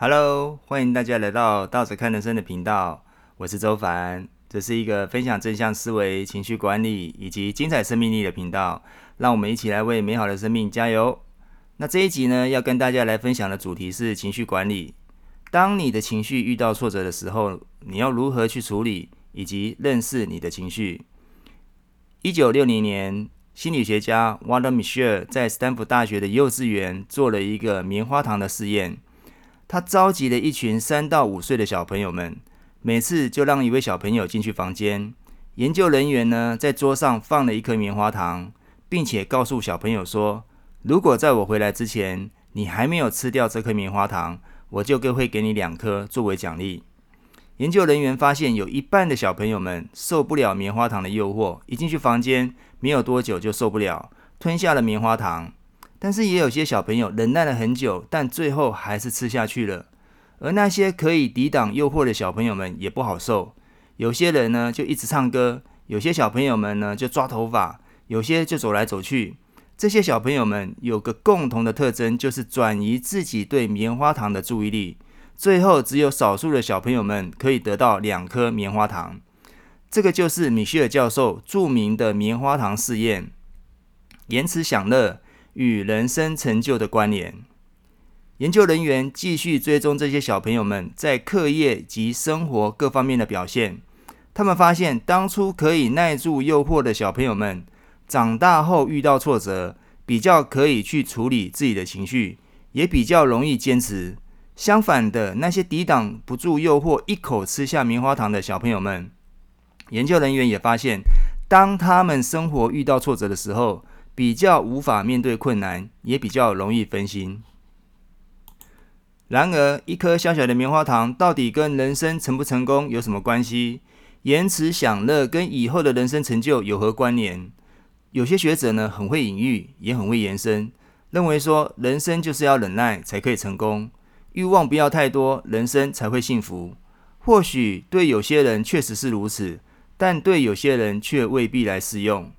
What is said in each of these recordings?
Hello，歡迎大家來到道者看人生的頻道，我是周凡，這是一個分享正向思維、情緒管理以及精彩生命力的頻道。讓我們一起來為美好的生命加油。那這一集呢，要跟大家來分享的主題是情緒管理。當你的情緒遇到挫折的時候，你要如何去處理，以及認識你的情緒。一九六零年，心理學家沃德·米歇爾在斯坦福大學的幼稚園做了一個棉花糖的實驗。他召集了一群三到五歲的小朋友們，每次就讓一位小朋友進去房間。研究人員呢，在桌上放了一顆棉花糖，並且告訴小朋友說：“如果在我回來之前，你還沒有吃掉這顆棉花糖，我就更會給你兩顆作為獎勵。”研究人員發現，有一半的小朋友們受不了棉花糖的誘惑，一進去房間沒有多久就受不了，吞下了棉花糖。但是也有些小朋友忍耐了很久，但最後還是吃下去了。而那些可以抵擋誘惑的小朋友們也不好受。有些人呢就一直唱歌，有些小朋友們呢就抓頭髮，有些就走來走去。這些小朋友們有個共同的特徵，就是轉移自己對棉花糖的注意力。最後只有少數的小朋友們可以得到兩顆棉花糖。這個就是米歇爾教授著名的棉花糖試驗，延遲享樂，與人生成就的關聯。研究人員繼續追蹤這些小朋友們在課業及生活各方面的表現，他們發現，當初可以耐住誘惑的小朋友們，長大後遇到挫折，比較可以去處理自己的情緒，也比較容易堅持。相反的，那些抵擋不住誘惑、一口吃下棉花糖的小朋友們，研究人員也發現，當他們生活遇到挫折的時候，比較無法面對困難，也比較容易分心。然而，一顆小小的棉花糖到底跟人生成不成功有什麼關係？延遲享樂跟以後的人生成就有何關聯？有些學者呢，很會隱喻，也很會延伸，認為說人生就是要忍耐才可以成功，慾望不要太多，人生才會幸福。或許對有些人確實是如此，但對有些人卻未必來適用。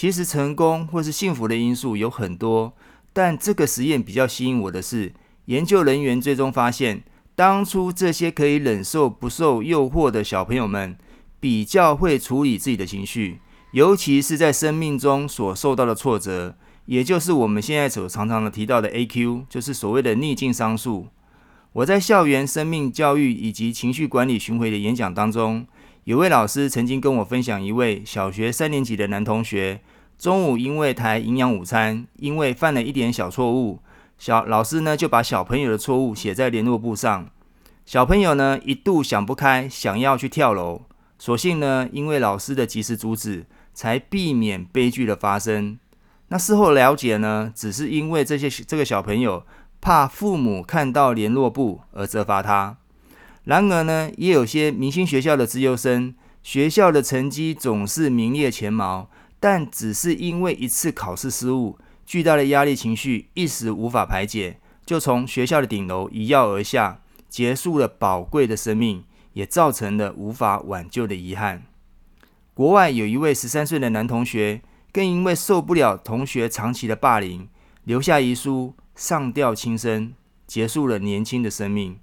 其實成功或是幸福的因素有很多，但這個實驗比較吸引我的是，研究人員最終發現，當初這些可以忍受不受誘惑的小朋友們，比較會處理自己的情緒，尤其是在生命中所受到的挫折，也就是我們現在所常常的提到的 AQ，就是所謂的逆境商數。我在校園生命教育以及情緒管理巡迴的演講當中。有位老師曾經跟我分享，一位小學三年級的男同學，中午因為抬營養午餐，因為犯了一點小錯誤，小老師呢就把小朋友的錯誤寫在聯絡簿上。小朋友呢一度想不開，想要去跳樓，所幸呢因為老師的及時阻止，才避免悲劇的發生。那事後了解呢，只是因為這些這個小朋友怕父母看到聯絡簿而責罰他。然而呢，也有些明星學校的資優生，學校的成績總是名列前茅，但只是因為一次考試失誤，巨大的壓力情緒一時無法排解，就從學校的頂樓一躍而下，結束了寶貴的生命，也造成了無法挽救的遺憾。國外有一位十三歲的男同學，更因為受不了同學長期的霸凌，留下遺書，上吊輕生，結束了年輕的生命。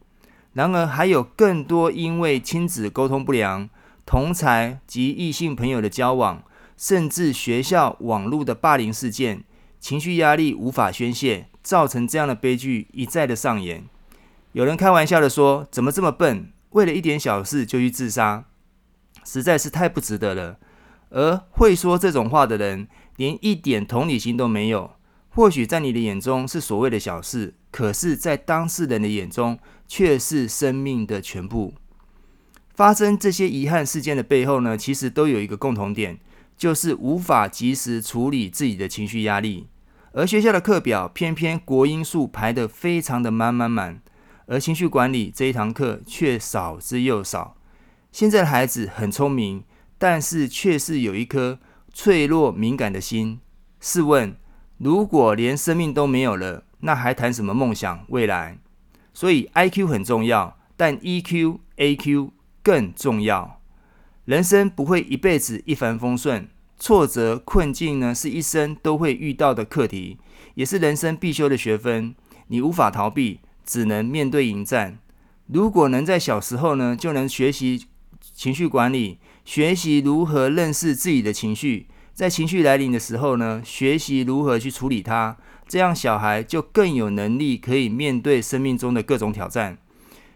然而，還有更多因為親子溝通不良、同儕及異性朋友的交往，甚至學校網絡的霸凌事件，情緒壓力無法宣洩，造成這樣的悲劇一再的上演。有人開玩笑的說：“怎麼這麼笨，為了一點小事就去自殺，實在是太不值得了。”而會說這種話的人，連一點同理心都沒有。或許在你的眼中是所謂的小事。可是，在當事人的眼中，卻是生命的全部。發生這些遺憾事件的背後呢，其實都有一個共同點，就是無法及時處理自己的情緒壓力。而學校的課表偏偏國英數排得非常的滿滿滿，而情緒管理這一堂課卻少之又少。現在的孩子很聰明，但是卻是有一顆脆弱敏感的心。試問，如果連生命都沒有了，那還談什麼夢想未來？所以 IQ 很重要，但 EQ、AQ 更重要。人生不會一輩子一帆風順，挫折困境呢，是一生都會遇到的課題，也是人生必修的學分。你無法逃避，只能面對迎戰。如果能在小時候呢，就能學習情緒管理，學習如何認識自己的情緒，在情緒來臨的時候呢，學習如何去處理它。這樣，小孩就更有能力可以面對生命中的各種挑戰。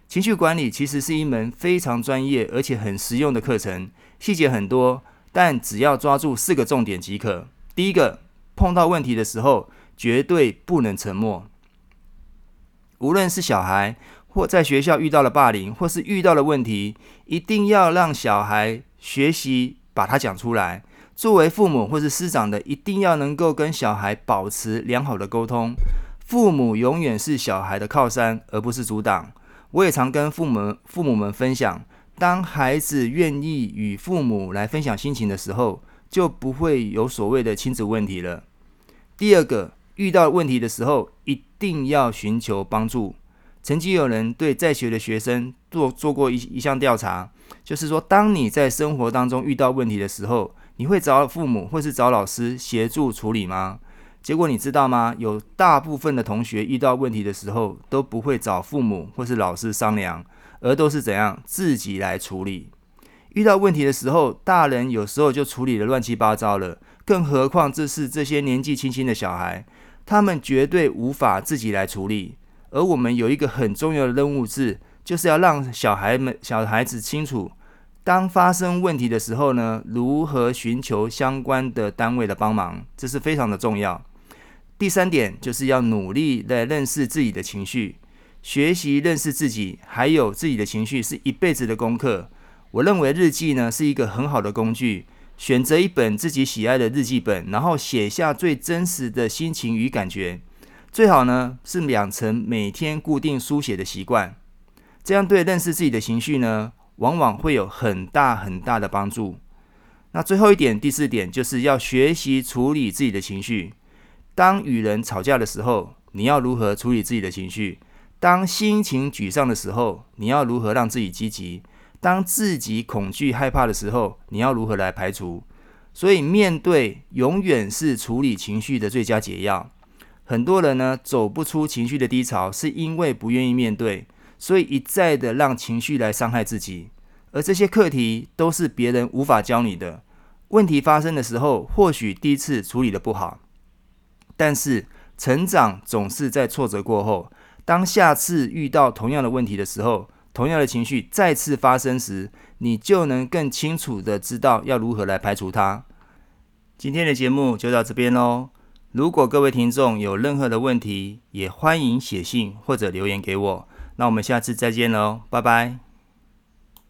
情緒管理其實是一門非常專業而且很實用的課程，細節很多，但只要抓住四個重點即可。第一個，碰到問題的時候絕對不能沉默，無論是小孩或在學校遇到了霸凌，或是遇到了問題，一定要讓小孩學習把它講出來。作為父母或是師長的，一定要能夠跟小孩保持良好的溝通。父母永遠是小孩的靠山，而不是阻擋。我也常跟父母、父母們分享，當孩子願意與父母來分享心情的時候，就不會有所謂的親子問題了。第二個，遇到問題的時候，一定要尋求幫助。曾經有人對在學的學生做做過一一項調查，就是說，當你在生活當中遇到問題的時候，你會找父母或是找老師協助處理嗎？結果你知道嗎？有大部分的同學遇到問題的時候都不會找父母或是老師商量，而都是怎樣自己來處理。遇到問題的時候，大人有時候就處理得亂七八糟了，更何況這是這些年紀輕輕的小孩，他們絕對無法自己來處理。而我們有一個很重要的任務是，就是要讓小孩們，小孩子清楚。當發生問題的時候呢，如何尋求相關的單位的幫忙，這是非常的重要。第三點就是要努力來認識自己的情緒，學習認識自己，還有自己的情緒是一輩子的功課。我認為日記呢是一個很好的工具，選擇一本自己喜愛的日記本，然後寫下最真實的心情與感覺。最好呢是養成每天固定書寫的習慣，這樣對認識自己的情緒呢，往往會有很大很大的幫助。那最後一點，第四點，就是要學習處理自己的情緒。當與人吵架的時候，你要如何處理自己的情緒？當心情沮喪的時候，你要如何讓自己積極？當自己恐懼害怕的時候，你要如何來排除？所以面對永遠是處理情緒的最佳解藥。很多人呢，走不出情緒的低潮，是因為不願意面對。所以一再的讓情緒來傷害自己，而這些課題都是別人無法教你的。問題發生的時候，或許第一次處理得不好，但是成長總是在挫折過後。當下次遇到同樣的問題的時候，同樣的情緒再次發生時，你就能更清楚地知道要如何來排除它。今天的節目就到這邊嘍。如果各位聽眾有任何的問題，也歡迎寫信或者留言給我。那我們下次再見嘍，拜拜。